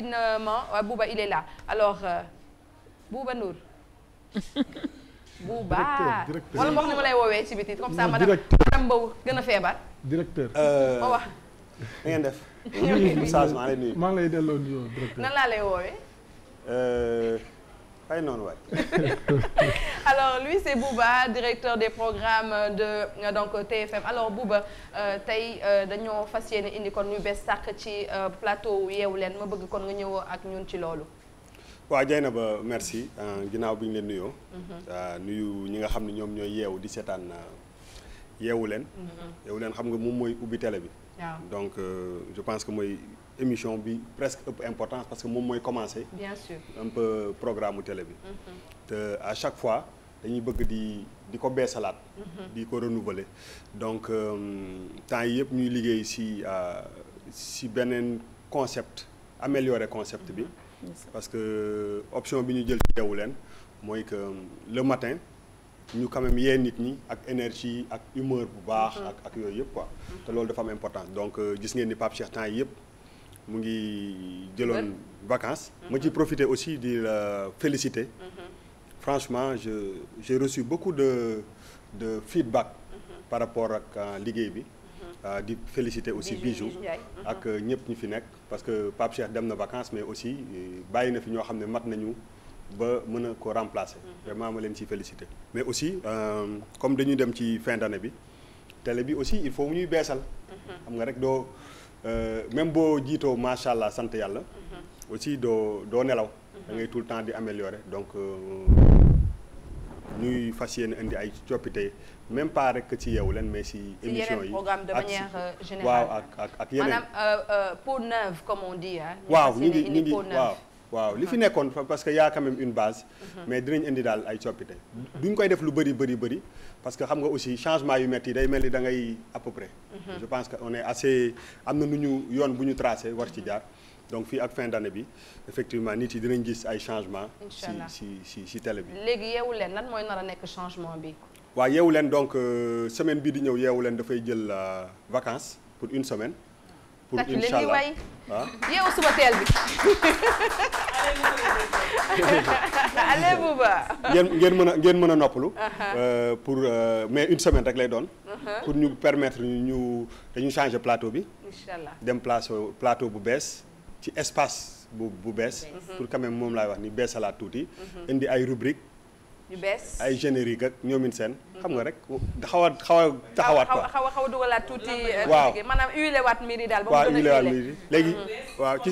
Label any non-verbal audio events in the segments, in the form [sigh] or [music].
rapidement waaw Bouba il est là alors euh, Bouba Ndour. [laughs] Bouba directeur wala wax ni ma lay woowee ci biti comme ça madame madame Mbow gën a feebar. directeur ma euh, wax. na ngeen def. [laughs] message maa ngi lay nuyu. maa ngi lay delloo nuyoo directeur. nan laa lay woowee. Euh, ay noonu waay. [laughs] alors lui c'est Bouba directeur des programmes de euh, donc TFM alors Bouba euh, tey euh, dañoo fas yéene indi kon ñu bees sàq ci plateau yeewu leen ma bëgg kon nga ñëw ak ñun ci loolu. waaw jayna ba merci ginnaaw bi ñu leen nuyoo. Mhm. nuyu ñi nga xam ne ñoom ñooy yeewu di seetaan yeewu leen. Mhm. yeewu leen xam nga moom mooy ubbi télé bi. donc je pense que mooy. émission bi presque ëpp importance parce que moom mooy commencer. bien sûr programme mu télé bi. Mm-hmm. te à chaque fois dañuy bëgg di di ko beesalaat. Mm-hmm. di ko renouveler donc euh, temps yi yëpp ñuy liggéey si si beneen concept améliorer concept bi. Mm-hmm. parce que euh, option bi ñu jël ci yeewu leen mooy que euh, le matin ñu quand même yee nit ñi ak énergie ak humeur bu baax. ak ak yooyu yëpp quoi. te loolu dafa am importance donc gis ngeen ni Pape Cheikh temps yi yëpp. mu ngi jëloon vacances. ma mhm. ci profiter aussi di la féliciter. Mmh. franchement je j'ai reçu de de feedback. Mmh. par rapport ak euh, liggéey bi. Mhm. Euh, di féliciter aussi Bijou mhm. ak euh, ñëpp ñu fi nekk parce que Pape Cheikh dem na vacances mais aussi bàyyi na fi ñoo xam ne mat nañu ba mën a ko remplacer. vraiment ma leen ci féliciter mais aussi euh, comme dañuy dem ci fin d'année bi télé bi aussi il faut ñuy beesal. xam nga rek doo. Euh, même boo jiitoo macha allah sant yàlla. aussi doo doo nelaw. da ngay tout le temps di améliorer donc euh, ñuy fas yéene indi ay coppite même pas rek ci yeewu leen mais si. émission yi programme de euh, waaw ak ak ak yeneen. waaw ñu ngi ñu ngi waaw. waaw li fi ah. nekkoon parce que y a une base mhm. mais dinañ indi daal ay coppite duñ koy def lu bëri bëri bëri parce que xam nga aussi changement yu métti yi day mel ni da ngay près mhm. je pense que on est assez am na nu ñu yoon bu ñu tracé war ci jaar donc fii ak fin d'année bi effectivement nit yi dinañ gis ay changement si si si tele bi léegi yeewu leen lan mooy nar a nekk changement bi waaw yeewu leen donc euh, semaine bii di ñëw yeewu leen dafay jël euh, vacances pour une semaine pour incha allah ah yow suba teel bi. allez Bouba. ngeen ngeen mën a ngeen mën a noppalu. Uh-huh. Euh, pour euh, mais une semaine rek lay doon. Uh-huh. pour ñu permettre ñu dañu changer plateau bi. incha allah dem plateau euh, plateau bu bees ci espace bu bu bees. pour quand moom laay wax ni beesalaat tuuti. Uh-huh. indi ay rubrique yu bees ay générique ak ñoomin seen. xam nga rek xaw a xaw a taxawaat ko xaw a xaw a dugalaat tuuti. waaw euh, maanaam huilé waat mbir yi daal. ba mu gën a huilé léegi. Mm-hmm. waaw ci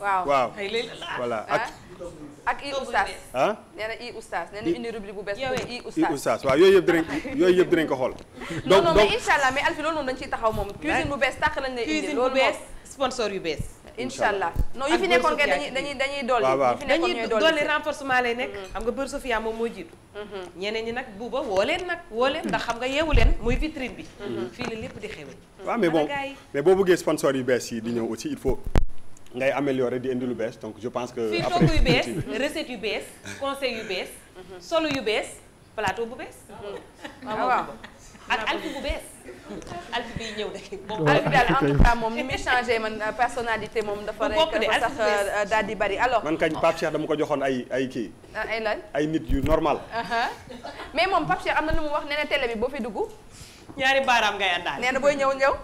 waaw waaw. ak. Ah. ak i oustaz. ah nee na i bu bees. i oustaz waaw yooyu yëpp dinañ yooyu yëpp dinañ ko xool. donc donc non non mais incha allah mais Alphie loolu moom dañ ciy taxaw moom. cuisine bu bees tàq lañ lay indi. loolu bu yu bees. incha allah non yu fi nekkoon kay dañuy dañuy dañuy dolli. waaw dañuy dolli renforcement lay nekk. Mm-hmm. xam nga bër Sofia moom moo jiitu. Mm-hmm. ñeneen ñi nag buuba woo leen nag woo leen ndax xam nga yeewu leen muy vitrine bi. Mm-hmm. fii la lépp di xewee. waaw mais bon mais boo bëggee sponsor yu bees yi di ñëw aussi il faut. ngay améliorer di indi lu bees donc je pense que. après fii togg yu bees [laughs] recette yu bees conseil yu bees. solo yu bees plateau bu bees. [laughs] waaw ah, waaw ak alfi bu bees alfi biy ñëw de moom alfi daal en tout moom ni muy changé man euh, personnalité moom dafa rek dafa sax euh, daal di bari alors man kañ Pape dama ko joxoon ay ay kii ah, ay ay nit yu normal mais moom Pape Cheikh am na lu mu wax nee na bi boo fi dugg ñaari baaraam ngay àndaal nee na booy ñëw ñëw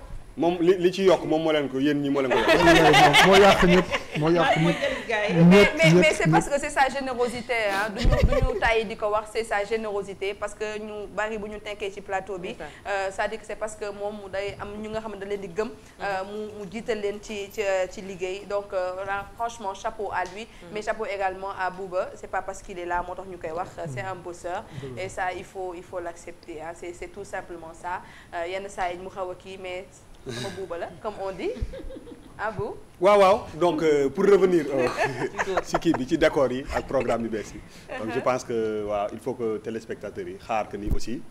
moom li li ci yokk moom moo leen ko yéen ñi moo leen ko yokk [laughs] moo yàq ñëpp moo yàq ñëpp gars yi mais mais, mais c'est sa générosité ah du ñu du ñu tàyyi di ko wax c'est sa générosité parce que ñu bari bu ñu tenkee ci plateau bi. sa à dire que c'est parce que moom day am ñu nga xam ne da leen di gëm. Euh, mm-hmm. mu mu jiital leen ci ci ci liggéey donc a euh, franchement chapeau à lui. Mm-hmm. mais chapeau à Bouba c'est pa parce qu'il est là moo tax ñu koy wax euh, c'est un bosseur. Mm-hmm. et ça il faut il faut l'accepter ah c'est c'est tout simplement ça yenn saa yi mu xaw a kii mais sama Bouba la comme on dit. [laughs] ah bon waaw waaw donc euh, pour revenir euh, si [laughs] [laughs] kii bi ci décor yi ak programme yu bees yi donc je pense que waaw il faut que téléspectateurs yi xaar que ni aussi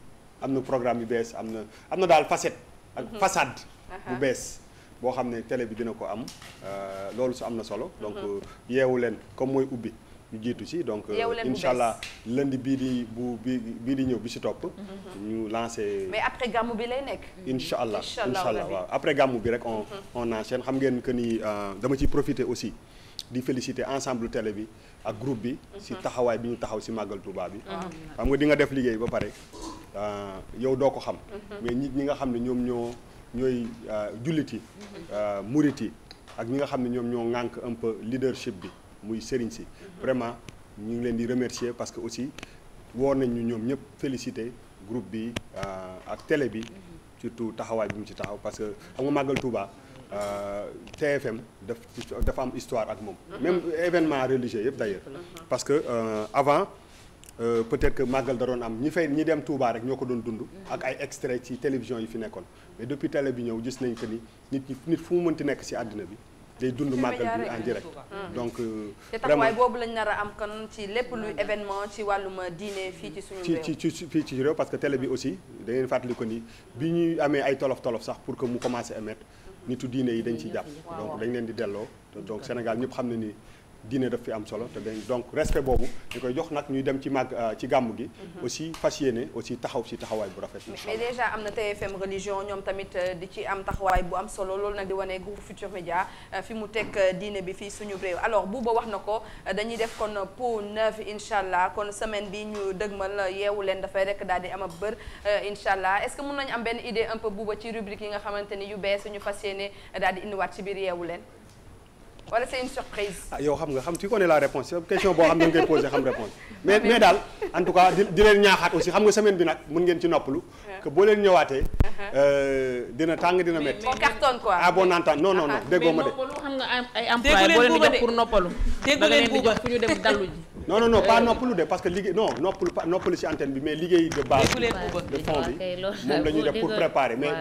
am na programme yu bees am na am na daal facette ak mhm. façade bu bees boo xam ne télé bi dina ko am euh, loolu su am na solo donc mhm. yeewu leen comme mooy ubbi ñu si donc euh, incha allah lundi bii di bu bi bii di ñëw bi si topp mm-hmm. ñu lancé mais après gàmmu bi lay nekk incha allah incha allah waaw après gàmmu bi rek on mm-hmm. on xam ngeen que ni euh, dama ciy profiter aussi di féliciter ensemble télé bi ak groupe bi si mm-hmm. taxawaay bi ñu taxaw si màggal Touba bi xam nga di nga def liggéey ba pare euh, yow doo ko xam mais nit ñi nga xam ne ñoom ñoo ñooy jullit yi murit yi ak ñi nga xam ne ñoom ñoo ŋànk un peu leadership bi muy sëriñ si vraiment ñu ngi leen di remercier parce que aussi woor nañ ñu ñoom ñëpp féliciter groupe bi euh, ak télé bi surtout taxawaay bi mu ci taxaw parce que am nga màggal Touba euh, TFM daf dafa am histoire ak moom même événement religieux yëpp d'ailleurs parce que euh, avant Euh, peut-être que màggal da doon am ñi fay ñi dem Touba rek ñoo ko doon dund ak ay extraits ci télévision yi fi nekkoon mais depuis télé bi ñëw gis nañ que ni nit ñi nit fu mu mënti nekk ci àddina bi day dund màggal bi en direct hmm. donc euh, te taxawaay boobu lañ nar a am kon ci lépp lu hmm. événement ci wàllum diine fii ci suñu réew ci ci ci réew parce que télé bi aussi da ngeen fàttali ko ni bi ñuy amee ay tolof tolof sax pour que mu commencé émettre nitu diine yi dañ ciy jàpp donc dañ leen di delloo donc Sénégal ñëpp xam ne nii diine daf fi am solo te dañ donc respect boobu ñu koy jox nag ñuy dem ci màgg euh, ci gàmm gi. Mm-hmm. aussi fas yéene aussi taxaw si taxawaay bu rafet. mais déjà am na TFM religion ñoom tamit euh, di ci am taxawaay bu am solo loolu nag di wane groupe Futur Média euh, fi mu teg diine bi fii suñu réew alors bu wax na ko dañuy def kon peau neuve incha allah kon semaine bi ñu dëgmal yeewu leen dafay rekk daal di am a bër incha allah est-ce que mën nañu am benn idée un peu bu ba ci rubrique yi nga xamante ni yu bees ñu fas yéene daal di indiwaat ci biir yeewu leen. wala c'est ah yow xam nga xam tu connais la réponse question boo xam ne nga koy posé xam réponse mais mais daal en di leen ñaaxaat aussi xam nga semaine bi nag mën ngeen ci noppalu. que boo leen ñëwaatee. Uh-huh. Euh, dina tàng dina métti. on cartonne quoi ah, ah, ah. déggoo ma de. mais noppalu xam leen di pour noppalu. déggu leen buuba pour ñu dem dallu ji. non non non pas euh, noppalu de parce que liggéey non noppalu noppalu ci antenne bi mais liggéey de base de bi moom la ñuy def pour préparer mais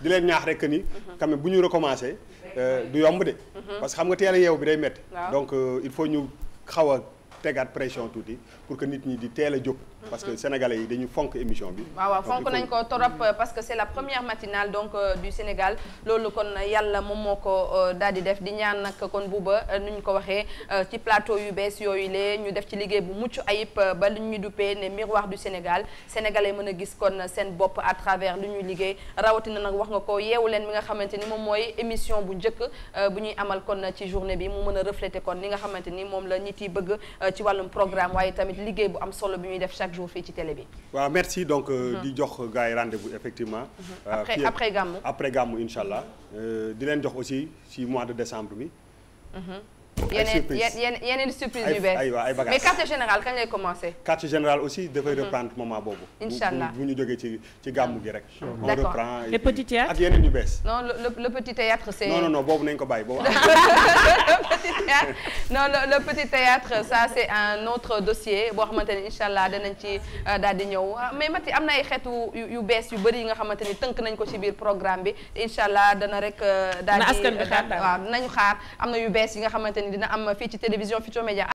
di leen ñaax rek ni quand ne bu ñu recommencer euh, du yomb de mhm. parce que xam nga teel a bi day métti donc euh, il faut ñu xaw a tegaat pression tuuti pour que nit ñi di teel a jóg parce que sénégalais yi dañu fonk émission bi. waaw fonk nañ ko torop parce que c' est la première matinale donc euh, du Sénégal loolu kon yàlla moom moo ko euh, daal di def di ñaan nag kon buuba euh, nu ñu ko waxee ci plateau yu bees yooyu lee ñu def ci liggéey bu mucc ayib ba lu ñu duppee ne miroir du Sénégal sénégalais mën a gis kon seen bopp à travers lu ñuy liggéey rawatina nag wax nga ko yeewu leen mi nga xamante ni moom mooy émission bu njëkk bu ñuy amal kon ci journée bi mu mën a kon li nga xamante ni moom la nit yi bëgg ci wàllum programme tamit liggéey bu am solo bi ñuy def chaque chaque jour fii ci télé bi. waaw merci donc euh, mm-hmm. di jox gars yi rendez bu effectivement. Mm-hmm. Euh, après après gàmmu après gàmmu incha allah euh, di leen jox aussi ci mois de décembre bi. Mm-hmm. yeneen yeneen yeneen surprise yu bees ay ay bagages mais quartier général kañ lay commencer. quartier général aussi dafay reprendre moment boobu. incha bu ñu jógee ci ci gàmmu gi rek. on reprend le petit théâtre ak yeneen yu bees. non le le petit théâtre c'est non non non [laughs] petit théâtre non c'est un autre dossier boo xamante ne incha ci euh, daal ñëw ah, mais Mati am na ay xeetu yu bees yu bëri yi nga xamante ni tënk nañ ko ci biir programme bi incha allah dana rek. Euh, daal di dina am fii ci télévision Futurs Médias